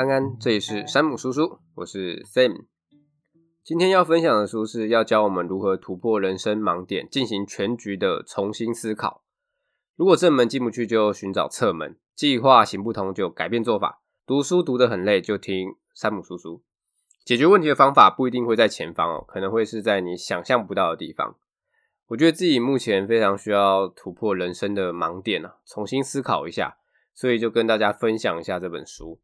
安安，這裡是山姆書書，我是 Sam。今天要分享的書是要教我們如何突破人生盲點，進行全局的重新思考。如果正門進不去，就尋找側門；計劃行不通，就改變做法。讀書讀得很累，就聽山姆書書解決問題的方法。不一定會在前方哦，可能會是在你想象不到的地方。我覺得自己目前非常需要突破人生的盲點啊，重新思考一下，所以就跟大家分享一下這本書。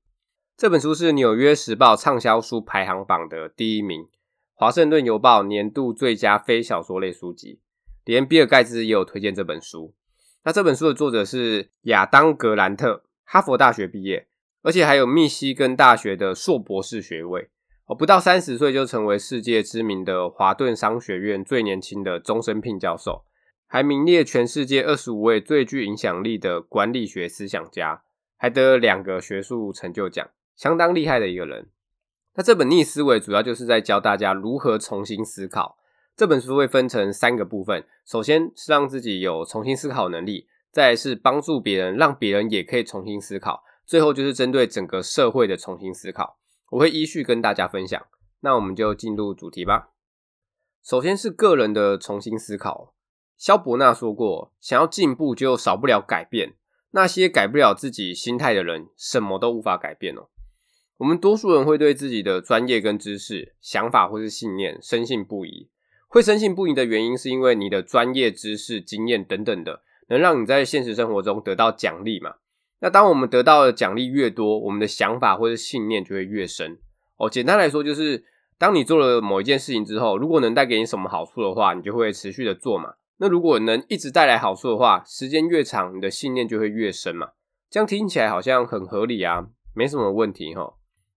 這本書是《紐約時報》暢銷書排行榜的第一名，《華盛頓郵報》年度最佳非小說類書籍，連比爾蓋茨也有推薦這本書。那這本書的作者是亞當格蘭特，哈佛大學畢業，而且還有密西根大學的碩博士學位。不到三十歲就成為世界知名的華頓商學院最年輕的終身聘教授，還名列全世界二十五位最具影響力的管理學思想家，還得了兩個學術成就獎。相當厲害的一個人。那這本逆思維主要就是在教大家如何重新思考。這本書會分成三個部分：首先是讓自己有重新思考能力，再來是幫助別人，讓別人也可以重新思考；最後就是針對整個社會的重新思考。我會依序跟大家分享。那我們就進入主題吧。首先是個人的重新思考。蕭伯納說過：“想要進步，就少不了改變。那些改不了自己心態的人，什麼都無法改變哦。”我們多數人會對自己的專業跟知識、想法或是信念深信不疑。會深信不疑的原因，是因為你的專業知識、經驗等等的，能讓你在現實生活中得到獎勵嘛。那當我們得到的獎勵越多，我們的想法或是信念就會越深。哦，簡單來說，就是當你做了某一件事情之後，如果能帶給你什麼好處的話，你就會持續的做嘛。那如果能一直帶來好處的話，時間越長，你的信念就會越深嘛。這樣聽起來好像很合理啊，沒什麼問題哈、哦。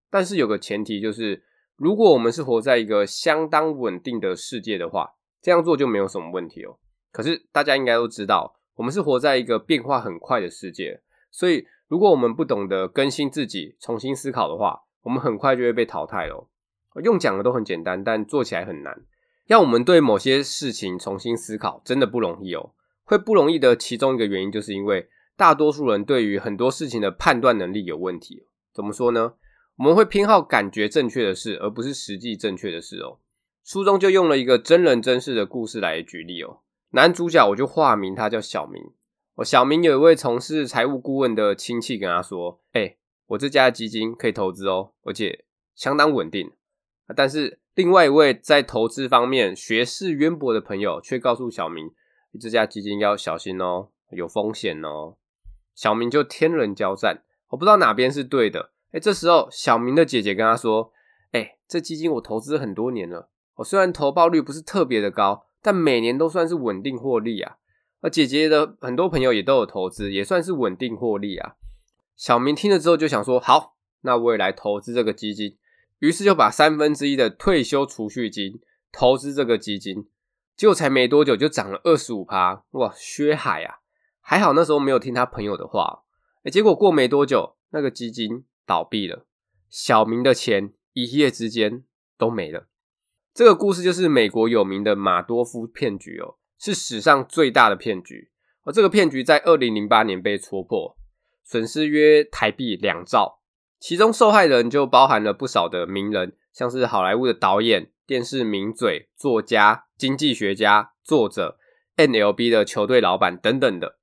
但是有個前提就是，如果我們是活在一個相當穩定的世界的話，這樣做就沒有什麼問題喔。可是大家應該都知道，我們是活在一個變化很快的世界，所以如果我們不懂得更新自己、重新思考的話，我們很快就會被淘汰嘍。用講的都很簡單，但做起來很難。要我們對某些事情重新思考，真的不容易喔。會不容易的其中一個原因，就是因為大多數人對於很多事情的判斷能力有問題。怎麼說呢？我們會偏好感覺正確的事，而不是實際正確的事哦。書中就用了一個真人真事的故事來舉例哦。男主角我就化名他叫小明。我小明有一位從事財務顧問的親戚跟他說：“哎、欸，我這家基金可以投資哦，而且相當穩定。”但是另外一位在投資方面學識淵博的朋友卻告訴小明：“這家基金要小心哦，有風險哦。”小明就天人交戰，我不知道哪邊是對的。哎，這時候小明的姐姐跟他說：“哎，這基金我投資很多年了，我雖然投報率不是特別的高，但每年都算是穩定獲利啊。而姐姐的很多朋友也都有投資，也算是穩定獲利啊。”小明聽了之後就想說：“好，那我也來投資這個基金。”於是就把三分之一的退休儲蓄金投資這個基金，結果才沒多久就漲了二十五趴，哇，血海啊！還好那時候沒有聽他朋友的話，哎，結果過沒多久那個基金。倒閉了，小明的錢一夜之間都沒了。這個故事就是美國有名的馬多夫騙局哦，是史上最大的騙局。而這個騙局在二零零八年被戳破，損失約台幣兩兆，其中受害人就包含了不少的名人，像是好萊塢的導演、電視名嘴、作家、經濟學家、作者、MLB 的球隊老闆等等的。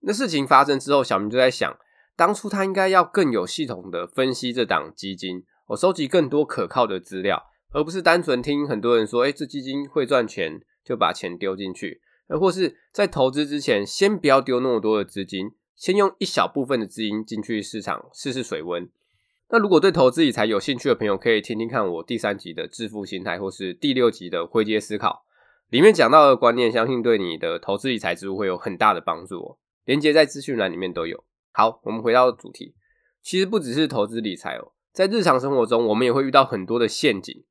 那事情發生之後，小明就在想，當初他應該要更有系統的分析這檔基金，我、喔、收集更多可靠的資料，而不是單純聽很多人說，誒、欸、這基金會賺錢，就把錢丟進去，而或是在投資之前，先不要丟那麼多的資金，先用一小部分的資金進去市場試試水溫。那如果對投資理財有興趣的朋友，可以聽聽看我第三集的致富心態，或是第六集的灰階思考，裡面講到的觀念，相信對你的投資理財之路會有很大的幫助、喔。連接在資訊欄裡面都有。好，我們回到主題。其實不只是投資理財哦、喔，在日常生活中，我們也會遇到很多的陷阱。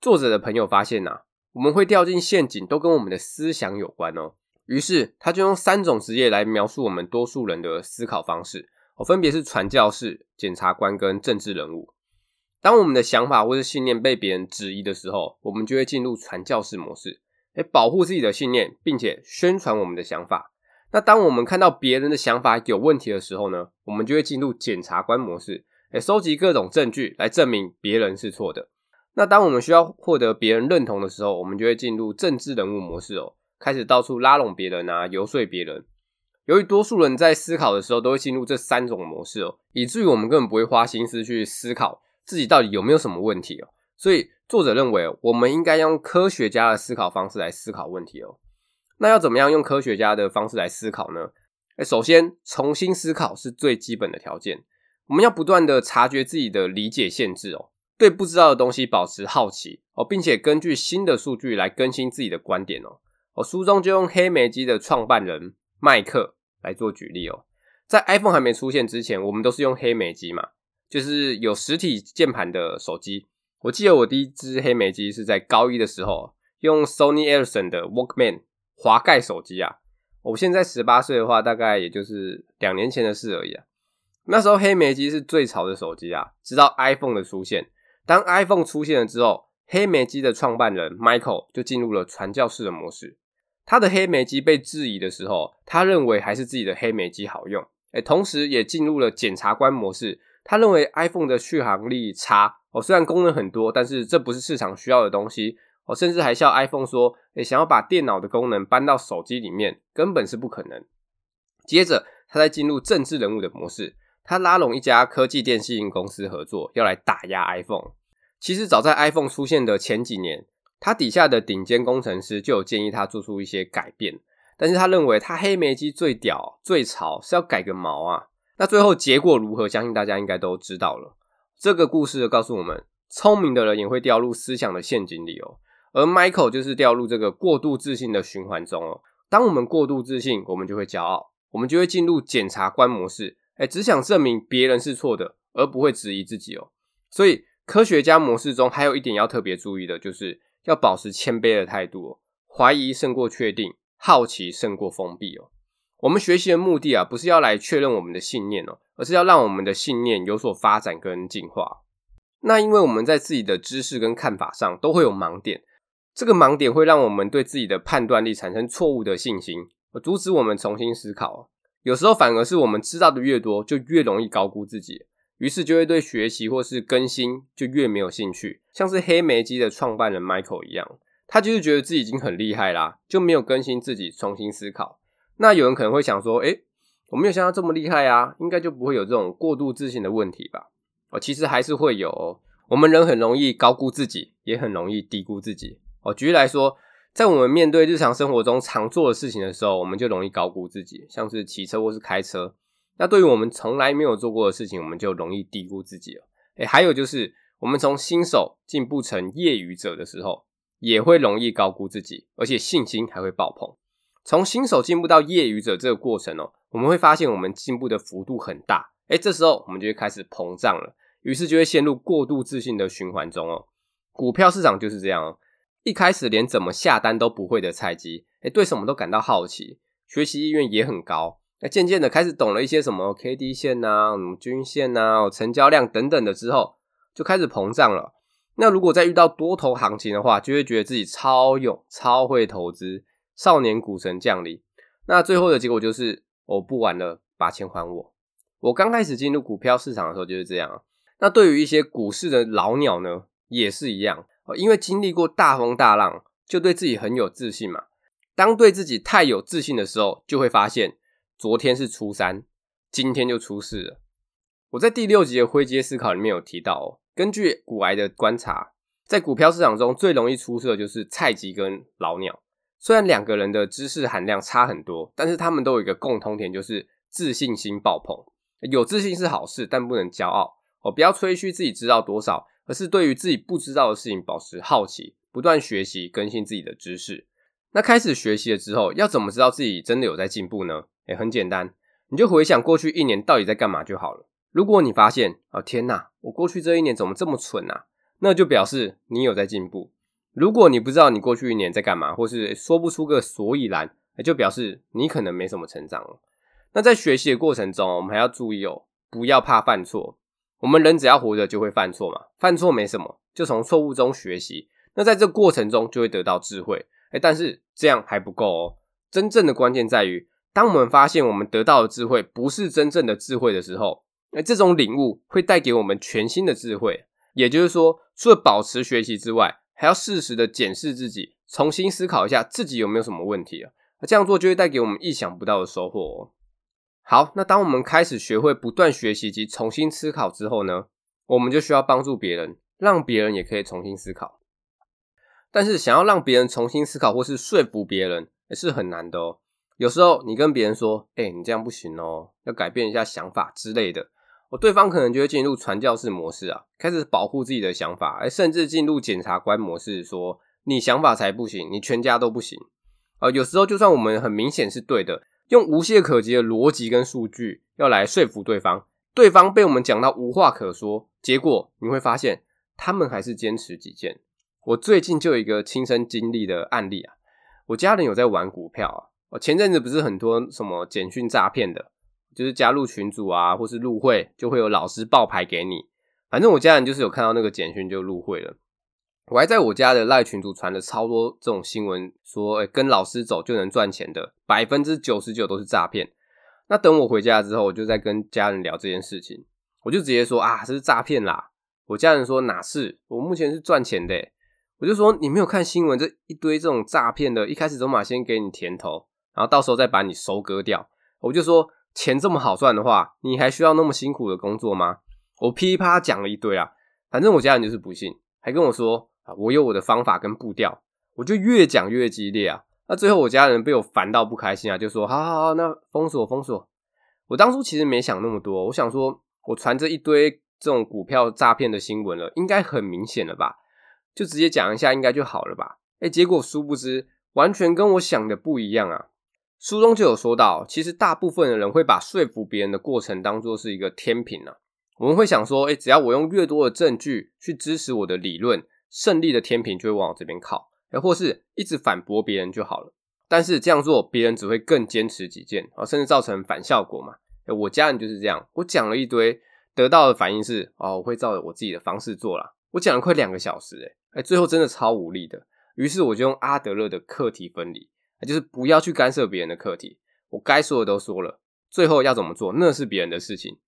作者的朋友發現吶、啊，我們會掉進陷阱，都跟我們的思想有關哦、喔。於是他就用三種職業來描述我們多數人的思考方式哦、喔，分別是傳教士、檢察官跟政治人物。當我們的想法或是信念被別人質疑的時候，我們就會進入傳教士模式，來，保護自己的信念，並且宣傳我們的想法。那當我們看到別人的想法有問題的時候呢，我們就會進入檢察官模式，哎，收集各種證據來證明別人是錯的。那當我們需要獲得別人認同的時候，我們就會進入政治人物模式哦，開始到處拉攏別人啊，遊說別人。由於多數人在思考的時候都會進入這三種模式哦，以至於我們根本不會花心思去思考自己到底有沒有什麼問題哦。所以作者認為，我們應該用科學家的思考方式來思考問題哦。那要怎麼樣用科學家的方式來思考呢？哎，首先重新思考是最基本的條件。我們要不斷地察覺自己的理解限制哦，對不知道的東西保持好奇哦，並且根據新的數據來更新自己的觀點哦。我書中就用黑莓機的創辦人麥克來做舉例哦。在 iPhone 還沒出現之前，我們都是用黑莓機嘛，就是有實體鍵盤的手機。我記得我第一支黑莓機是在高一的時候，用 Sony Ericsson 的 Walkman。滑蓋手機啊，我現在十八歲的話，大概也就是兩年前的事而已啊。那時候黑莓機是最潮的手機啊，直到 iPhone 的出現。當 iPhone 出現了之後，黑莓機的創辦人 Michael 就進入了傳教士的模式。他的黑莓機被質疑的時候，他認為還是自己的黑莓機好用，哎，同時也進入了檢察官模式，他認為 iPhone 的續航力差，哦，雖然功能很多，但是這不是市場需要的東西。我甚至還笑 iPhone 說：“欸，想要把電腦的功能搬到手機裡面，根本是不可能。”接着，他在進入政治人物的模式，他拉攏一家科技電信公司合作，要來打壓 iPhone。其實，早在 iPhone 出現的前幾年，他底下的頂尖工程師就有建議他做出一些改變，但是他認為他黑莓機最屌最潮，是要改個毛啊！那最後結果如何，相信大家應該都知道了。這個故事告訴我們，聰明的人也會掉入思想的陷阱裡哦。而 Michael 就是掉入這個過度自信的循環中哦。當我們過度自信，我們就會驕傲，我們就會進入檢察官模式，哎，只想證明別人是錯的，而不會質疑自己哦。所以科學家模式中還有一點要特別注意的，就是要保持謙卑的態度哦，懷疑勝過確定，好奇勝過封閉哦。我們學習的目的啊，不是要來確認我們的信念哦，而是要讓我們的信念有所發展跟進化。那因為我們在自己的知識跟看法上都會有盲點。這個盲點會讓我們對自己的判斷力產生錯誤的信心，而阻止我們重新思考。有時候反而是我們知道的越多，就越容易高估自己，於是就會對學習或是更新就越沒有興趣。像是黑莓機的創辦人 Michael 一樣，他就是覺得自己已經很厲害啦，就沒有更新自己、重新思考。那有人可能會想說：「哎，我沒有像他這麼厲害啊，應該就不會有這種過度自信的問題吧？哦，其實還是會有哦。」我們人很容易高估自己，也很容易低估自己。哦，舉例來說，在我們面對日常生活中常做的事情的時候，我們就容易高估自己，像是騎車或是開車。那對於我們從來沒有做過的事情，我們就容易低估自己了。誒，還有就是，我們從新手進步成業餘者的時候，也會容易高估自己，而且信心還會爆棚。從新手進步到業餘者這個過程哦，我們會發現我們進步的幅度很大。誒，這時候我們就會開始膨脹了，於是就會陷入過度自信的循環中哦。股票市場就是這樣哦。一開始連怎麼下單都不會的菜雞，誒、欸、對什麼都感到好奇，學習意願也很高。那漸漸的開始懂了一些什麼 K D 線吶、啊，什麼均線吶、啊，成交量等等的之後，就開始膨脹了。那如果再遇到多頭行情的話，就會覺得自己超勇、超會投資，少年股神降臨。那最後的結果就是，我不玩了，把錢還我。我剛開始進入股票市場的時候就是這樣。那對於一些股市的老鳥呢，也是一樣。因為經歷過大風大浪，就對自己很有自信嘛。當對自己太有自信的時候，就會發現昨天是初三，今天就出事了。我在第六集的灰階思考裡面有提到哦，根據股癌的觀察，在股票市場中最容易出事的就是菜雞跟老鳥。雖然兩個人的知識含量差很多，但是他們都有一個共通點，就是自信心爆棚。有自信是好事，但不能驕傲哦，不要吹噓自己知道多少。而是對於自己不知道的事情保持好奇，不斷學習，更新自己的知識。那開始學習了之後，要怎麼知道自己真的有在進步呢？哎、欸，很簡單，你就回想過去一年到底在幹嘛就好了。如果你發現，哦，天哪，我過去這一年怎麼這麼蠢吶、啊，那就表示你有在進步。如果你不知道你過去一年在幹嘛，或是說不出個所以然、欸，就表示你可能沒什麼成長了。那在學習的過程中，我們還要注意哦，不要怕犯錯。我們人只要活着就會犯錯嘛，犯錯沒什麼，就從錯誤中學習。那在這過程中就會得到智慧。誒，但是這樣還不夠哦。真正的關鍵在於，當我們發現我們得到的智慧不是真正的智慧的時候，那這種領悟會帶給我們全新的智慧。也就是說，除了保持學習之外，還要適時的檢視自己，重新思考一下自己有沒有什麼問題啊。這樣做就會帶給我們意想不到的收穫哦。好，那當我們開始學會不斷學習及重新思考之後呢，我們就需要幫助別人，讓別人也可以重新思考。但是，想要讓別人重新思考或是說服別人，是很難的哦。有時候你跟別人說：“哎，你這樣不行哦，要改變一下想法之類的。”哦，對方可能就會進入傳教士模式啊，開始保護自己的想法，甚至進入檢察官模式，說：“你想法才不行，你全家都不行。”啊，有時候就算我們很明顯是對的。用無懈可擊的邏輯跟數據，要來說服對方，對方被我們講到無話可說，結果你會發現他們還是堅持己見。我最近就有一個親身經歷的案例啊，我家人有在玩股票啊，我前陣子不是很多什麼簡訊詐騙的，就是加入群組啊，或是入會就會有老師報牌給你，反正我家人就是有看到那個簡訊就入會了。我還在我家的賴群組傳了超多這種新聞，說誒、欸、跟老師走就能賺錢的，百分之九十九都是詐騙。那等我回家之後，我就在跟家人聊這件事情，我就直接說啊，這是詐騙啦。我家人說哪是？我目前是賺錢的，我就說你沒有看新聞這一堆這種詐騙的，一開始走馬先給你甜頭，然後到時候再把你收割掉。我就說錢這麼好賺的話，你還需要那麼辛苦的工作嗎？我噼啪講了一堆啊，反正我家人就是不信，還跟我說。我有我的方法跟步調，我就越講越激烈啊！那最後我家人被我煩到不開心啊，就說：“好好好，那封鎖封鎖。”我當初其實沒想那麼多，我想說，我傳這一堆這種股票詐騙的新聞了，應該很明顯了吧？就直接講一下，應該就好了吧？哎，結果殊不知，完全跟我想的不一樣啊！書中就有說到，其實大部分的人會把說服別人的過程當作是一個天平啊。我們會想說，欸：“只要我用越多的證據去支持我的理論。”勝利的天平就會往我這邊靠，或是一直反駁別人就好了。但是這樣做，別人只會更堅持己見，啊，甚至造成反效果嘛。我家人就是這樣，我講了一堆，得到的反應是，哦，我會照着我自己的方式做啦。我講了快兩個小時，欸，最後真的超無力的。於是我就用阿德勒的課題分離，就是不要去干涉別人的課題。我該說的都說了，最後要怎麼做，那是別人的事情。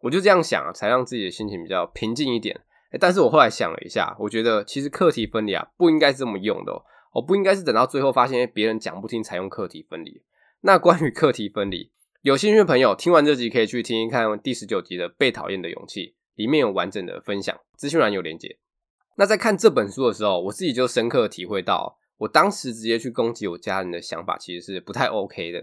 我就這樣想啊，才讓自己的心情比較平靜一點。但是我後來想了一下，我覺得其實課題分離啊，不應該是這麼用的喔，我不應該是等到最後發現別人講不聽才用課題分離。那關於課題分離，有興趣的朋友聽完這集可以去聽一看第十九集的《被討厭的勇氣》，裡面有完整的分享，資訊欄有連結。那在看這本書的時候，我自己就深刻的體會到，我當時直接去攻擊我家人的想法其實是不太 OK 的，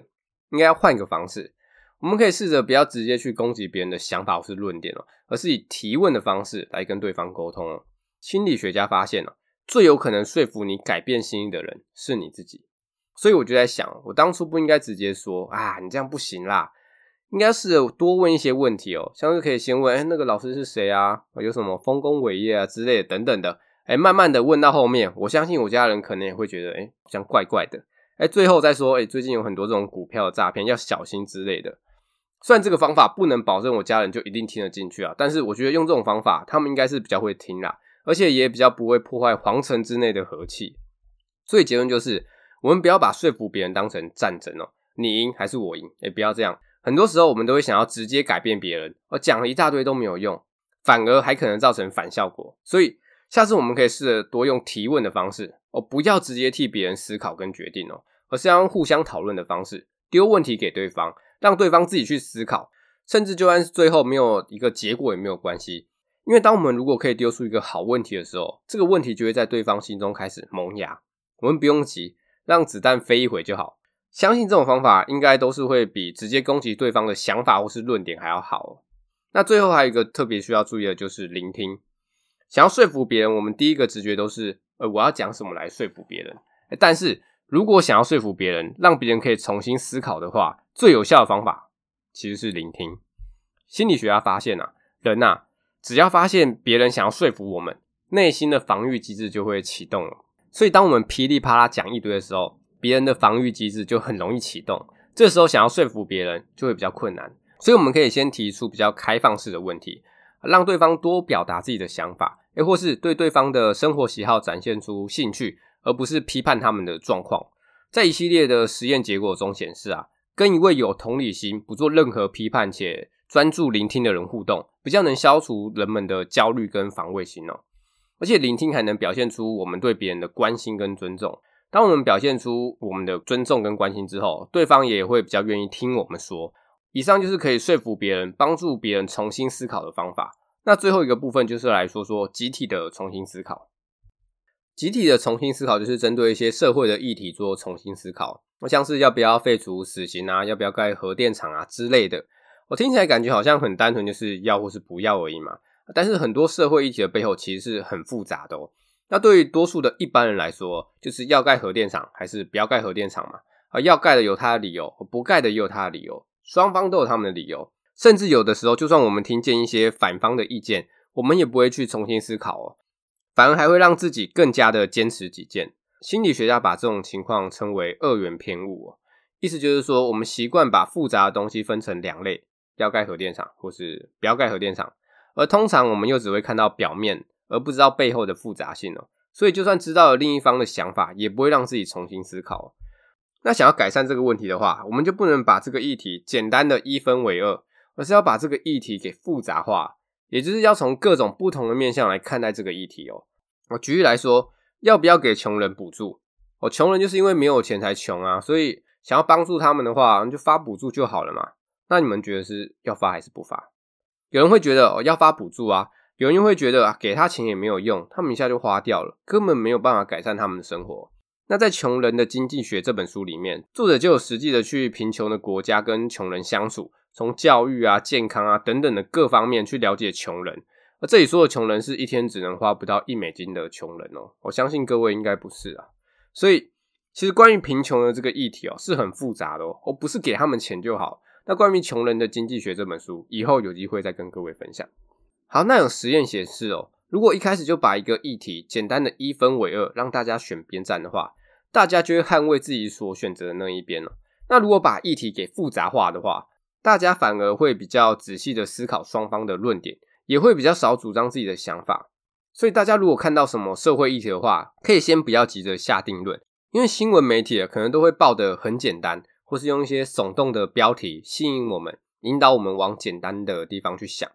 應該要換一個方式。我們可以試着不要直接去攻擊別人的想法或是論點哦，而是以提問的方式來跟對方溝通哦。心理學家發現哦，最有可能說服你改變心意的人是你自己。所以我就在想，我當初不應該直接說啊，你這樣不行啦，應該試著多問一些問題哦，像是可以先問，哎，那個老師是誰啊？有什麼豐功偉業啊之類的等等的，哎，慢慢的問到後面，我相信我家人可能也會覺得，哎，好像怪怪的。哎，最後再說，哎，最近有很多這種股票的詐騙，要小心之類的。雖然這個方法不能保證我家人就一定聽得進去啊，但是我覺得用這種方法，他們應該是比較會聽啦，而且也比較不會破壞皇城之內的和氣。所以結論就是，我們不要把說服別人當成戰爭喔，你贏還是我贏，欸，不要這樣。很多時候我們都會想要直接改變別人，而講了一大堆都沒有用，反而還可能造成反效果。所以下次我們可以試着多用提問的方式喔，不要直接替別人思考跟決定喔，而是要用互相討論的方式，丟問題給對方。讓對方自己去思考，甚至就算最後沒有一個結果也沒有關係，因為當我們如果可以丟出一個好問題的時候，這個問題就會在對方心中開始萌芽。我們不用急，讓子彈飛一回就好。相信這種方法應該都是會比直接攻擊對方的想法或是論點還要好。那最後還有一個特別需要注意的就是聆聽。想要說服別人，我們第一個直覺都是：呃、欸，我要講什麼來說服別人？欸，但是。如果想要說服別人，讓別人可以重新思考的話，最有效的方法其實是聆聽。心理學家發現啊，人吶，啊，只要發現別人想要說服我們，內心的防禦機制就會啟動了。所以，當我們噼里啪啦講一堆的時候，別人的防禦機制就很容易啟動，這時候想要說服別人就會比較困難。所以，我們可以先提出比較開放式的問題，讓對方多表達自己的想法，又或是對對方的生活喜好展現出興趣。而不是批判他們的狀況。在一系列的實驗結果中顯示啊，跟一位有同理心、不做任何批判且專注聆聽的人互動，比較能消除人們的焦慮跟防衛心哦。而且聆聽還能表現出我們對別人的關心跟尊重。當我們表現出我們的尊重跟關心之後，對方也會比較願意聽我們說。以上就是可以說服別人、幫助別人重新思考的方法。那最後一個部分就是來說說集體的重新思考。集體的重新思考，就是針對一些社會的議題做重新思考。那像是要不要廢除死刑啊，要不要蓋核電廠啊之類的。我聽起來感覺好像很單純，就是要或是不要而已嘛。但是很多社會議題的背後其實是很複雜的哦。那對於多數的一般人來說，就是要蓋核電廠還是不要蓋核電廠嘛？而要蓋的有他的理由，不蓋的也有他的理由，雙方都有他們的理由。甚至有的時候，就算我們聽見一些反方的意見，我們也不會去重新思考哦。反而還會讓自己更加的堅持己見。心理學家把這種情況稱為二元偏誤喔，意思就是說，我們習慣把複雜的東西分成兩類，要蓋核電廠或是不要蓋核電廠，而通常我們又只會看到表面，而不知道背後的複雜性喔。所以就算知道了另一方的想法，也不會讓自己重新思考喔。那想要改善這個問題的話，我們就不能把這個議題簡單的一分為二，而是要把這個議題給複雜化。也就是要從各種不同的面向來看待這個議題哦。我舉例來說，要不要給窮人補助？哦，窮人就是因為沒有錢才窮啊，所以想要幫助他們的話，就發補助就好了嘛。那你們覺得是要發還是不發？有人會覺得哦，要發補助啊，有人又會覺得啊，給他錢也沒有用，他們一下就花掉了，根本沒有辦法改善他們的生活。那在《窮人的經濟學》這本書裡面，作者就有實際的去貧窮的國家跟窮人相處。從教育啊，健康啊等等的各方面去了解窮人，而這裡說的窮人是一天只能花不到一美金的窮人哦。我相信各位應該不是啊，所以其實關於貧窮的這個議題哦，是很複雜的哦，我不是給他們錢就好。那關於窮人的經濟學這本書，以後有機會再跟各位分享。好，那有實驗顯示哦，如果一開始就把一個議題簡單的一分為二，讓大家選邊站的話，大家就會捍衛自己所選擇的那一邊了。那如果把議題給複雜化的話，大家反而會比較仔細的思考雙方的論點，也會比較少主張自己的想法。所以，大家如果看到什麼社會議題的話，可以先不要急着下定論，因為新聞媒體可能都會報得很簡單，或是用一些聳動的標題吸引我們，引導我們往簡單的地方去想。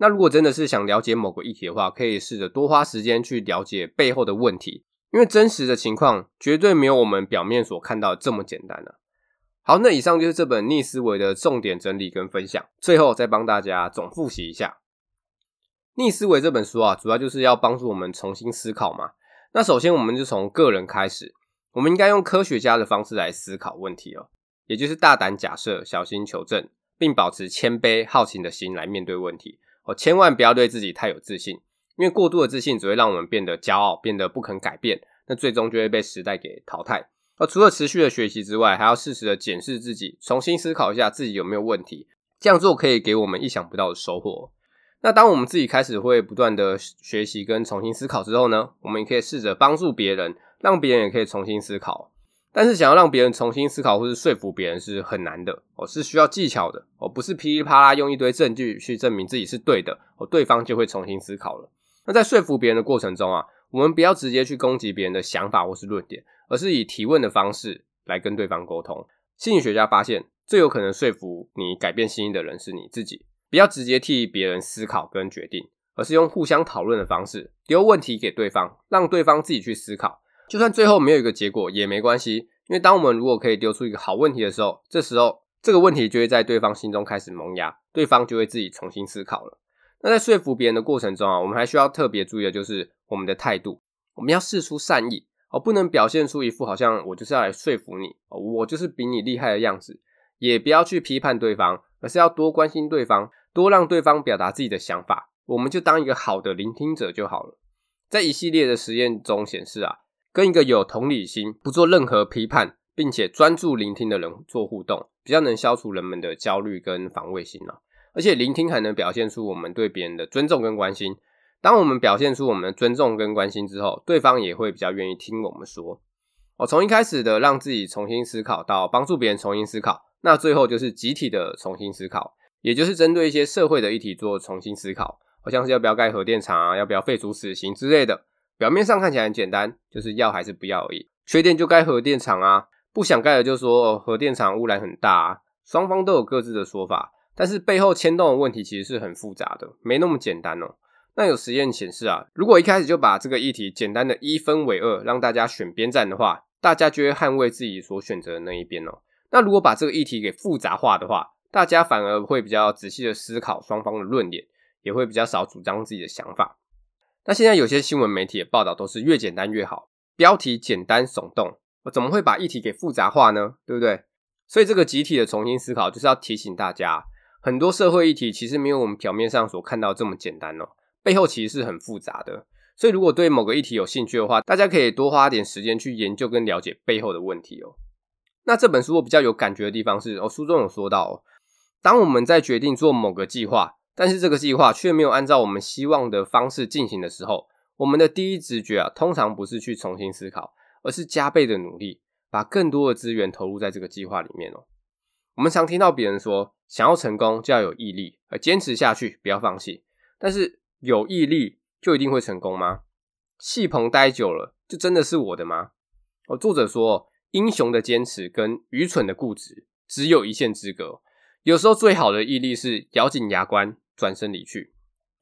那如果真的是想了解某個議題的話，可以試着多花時間去了解背後的問題，因為真實的情況絕對沒有我們表面所看到的這麼簡單了啊。好，那以上就是這本逆思維的重點整理跟分享。最後再幫大家總複習一下，《逆思維》這本書啊，主要就是要幫助我們重新思考嘛。那首先我們就從個人開始，我們應該用科學家的方式來思考問題哦，也就是大膽假設，小心求證，並保持謙卑、好奇的心來面對問題。哦，千萬不要對自己太有自信，因為過度的自信只會讓我們變得驕傲，變得不肯改變，那最終就會被時代給淘汰。而除了持續的學習之外，還要適時的檢視自己，重新思考一下自己有沒有問題。這樣做可以給我們意想不到的收穫。那當我們自己開始會不斷的學習跟重新思考之後呢，我們也可以試着幫助別人，讓別人也可以重新思考。但是想要讓別人重新思考或是說服別人是很難的，哦，是需要技巧的，哦，不是噼里啪啦用一堆證據去證明自己是對的，哦，對方就會重新思考了。那在說服別人的過程中啊，我們不要直接去攻擊別人的想法或是論點。而是以提問的方式來跟對方溝通。心理學家發現，最有可能說服你改變心意的人是你自己。不要直接替別人思考跟決定，而是用互相討論的方式，丟問題給對方，讓對方自己去思考。就算最後沒有一個結果也沒關係，因為當我們如果可以丟出一個好問題的時候，這時候這個問題就會在對方心中開始萌芽，對方就會自己重新思考了。那在說服別人的過程中啊，我們還需要特別注意的就是我們的態度，我們要釋出善意。而，哦，不能表現出一副好像我就是要來說服你，哦，我就是比你厲害的樣子，也不要去批判對方，而是要多關心對方，多讓對方表達自己的想法，我們就當一個好的聆聽者就好了。在一系列的實驗中顯示啊，跟一個有同理心、不做任何批判，並且專注聆聽的人做互動，比較能消除人們的焦慮跟防衛心啊，而且聆聽還能表現出我們對別人的尊重跟關心。當我們表現出我們的尊重跟關心之後，對方也會比較願意聽我們說。哦，從一開始的讓自己重新思考，到幫助別人重新思考，那最後就是集體的重新思考，也就是針對一些社會的議題做重新思考。好、哦、像是要不要蓋核電廠啊，要不要廢除死刑之類的。表面上看起來很簡單，就是要還是不要而已。缺電就蓋核電廠啊，不想蓋的就說、哦、核電廠污染很大啊。雙方都有各自的說法，但是背後牽動的問題其實是很複雜的，沒那麼簡單哦、喔。那有實驗顯示啊，如果一開始就把這個議題簡單的一分為二，讓大家選邊站的話，大家就會捍衛自己所選擇的那一邊喔。那如果把這個議題給複雜化的話，大家反而會比較仔細的思考雙方的論點，也會比較少主張自己的想法。那現在有些新聞媒體的報道都是越簡單越好，標題簡單聳動，我怎麼會把議題給複雜化呢？對不對？所以這個集體的重新思考就是要提醒大家，很多社會議題其實沒有我們表面上所看到這麼簡單喔。背後其實是很複雜的，所以如果對某個議題有興趣的話，大家可以多花點時間去研究跟了解背後的問題哦。那這本書我比較有感覺的地方是，哦，書中有說到哦，當我們在決定做某個計劃，但是這個計劃卻沒有按照我們希望的方式進行的時候，我們的第一直覺啊，通常不是去重新思考，而是加倍的努力，把更多的資源投入在這個計劃裡面哦。我們常聽到別人說，想要成功就要有毅力，而堅持下去，不要放棄，但是。有毅力就一定會成功嗎？戲棚待久了就真的是我的嗎？哦，作者說，英雄的堅持跟愚蠢的固執只有一線之隔。有時候最好的毅力是咬緊牙關轉身離去。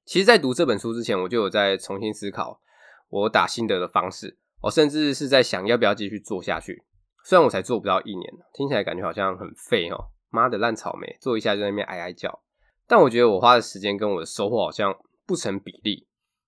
其實，在讀這本書之前，我就有在重新思考我打心得的方式。我、哦、甚至是在想要不要繼續做下去。雖然我才做不到一年，聽起來感覺好像很廢哦。媽的爛草莓，做一下就在那邊哀哀叫。但我覺得我花的時間跟我的收穫好像不成比例，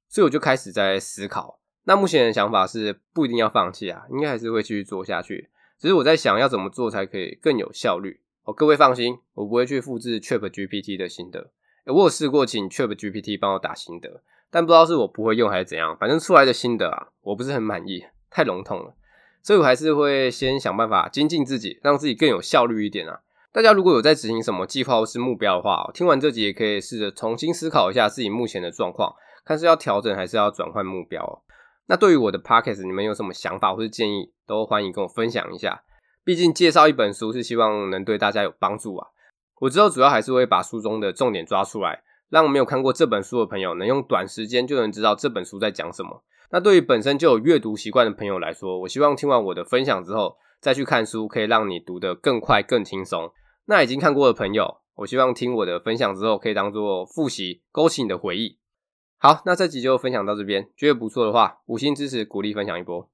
所以我就開始在思考。那目前的想法是不一定要放棄啊，應該還是會繼續做下去。只是我在想，要怎麼做才可以更有效率哦。各位放心，我不會去複製 ChatGPT 的心得。欸，我有試過請 ChatGPT 幫我打心得，但不知道是我不會用還是怎樣，反正出來的心得啊，我不是很滿意，太籠統了。所以我還是會先想辦法精進自己，讓自己更有效率一點啊。大家如果有在執行什麼計劃或是目標的話喔，聽完這集也可以試着重新思考一下自己目前的狀況，看是要調整還是要轉換目標喔。那對於我的 Podcast 你們有什麼想法或是建議，都歡迎跟我分享一下。畢竟介紹一本書是希望能對大家有幫助啊。我之後主要還是會把書中的重點抓出來，讓我沒有看過這本書的朋友，能用短時間就能知道這本書在講什麼。那對於本身就有閱讀習慣的朋友來說，我希望聽完我的分享之後，再去看書，可以讓你讀得更快更輕鬆。那已經看過的朋友，我希望聽我的分享之後，可以當做複習，勾起你的回憶。好，那這集就分享到這邊，覺得不錯的話，五星支持，鼓勵分享一波。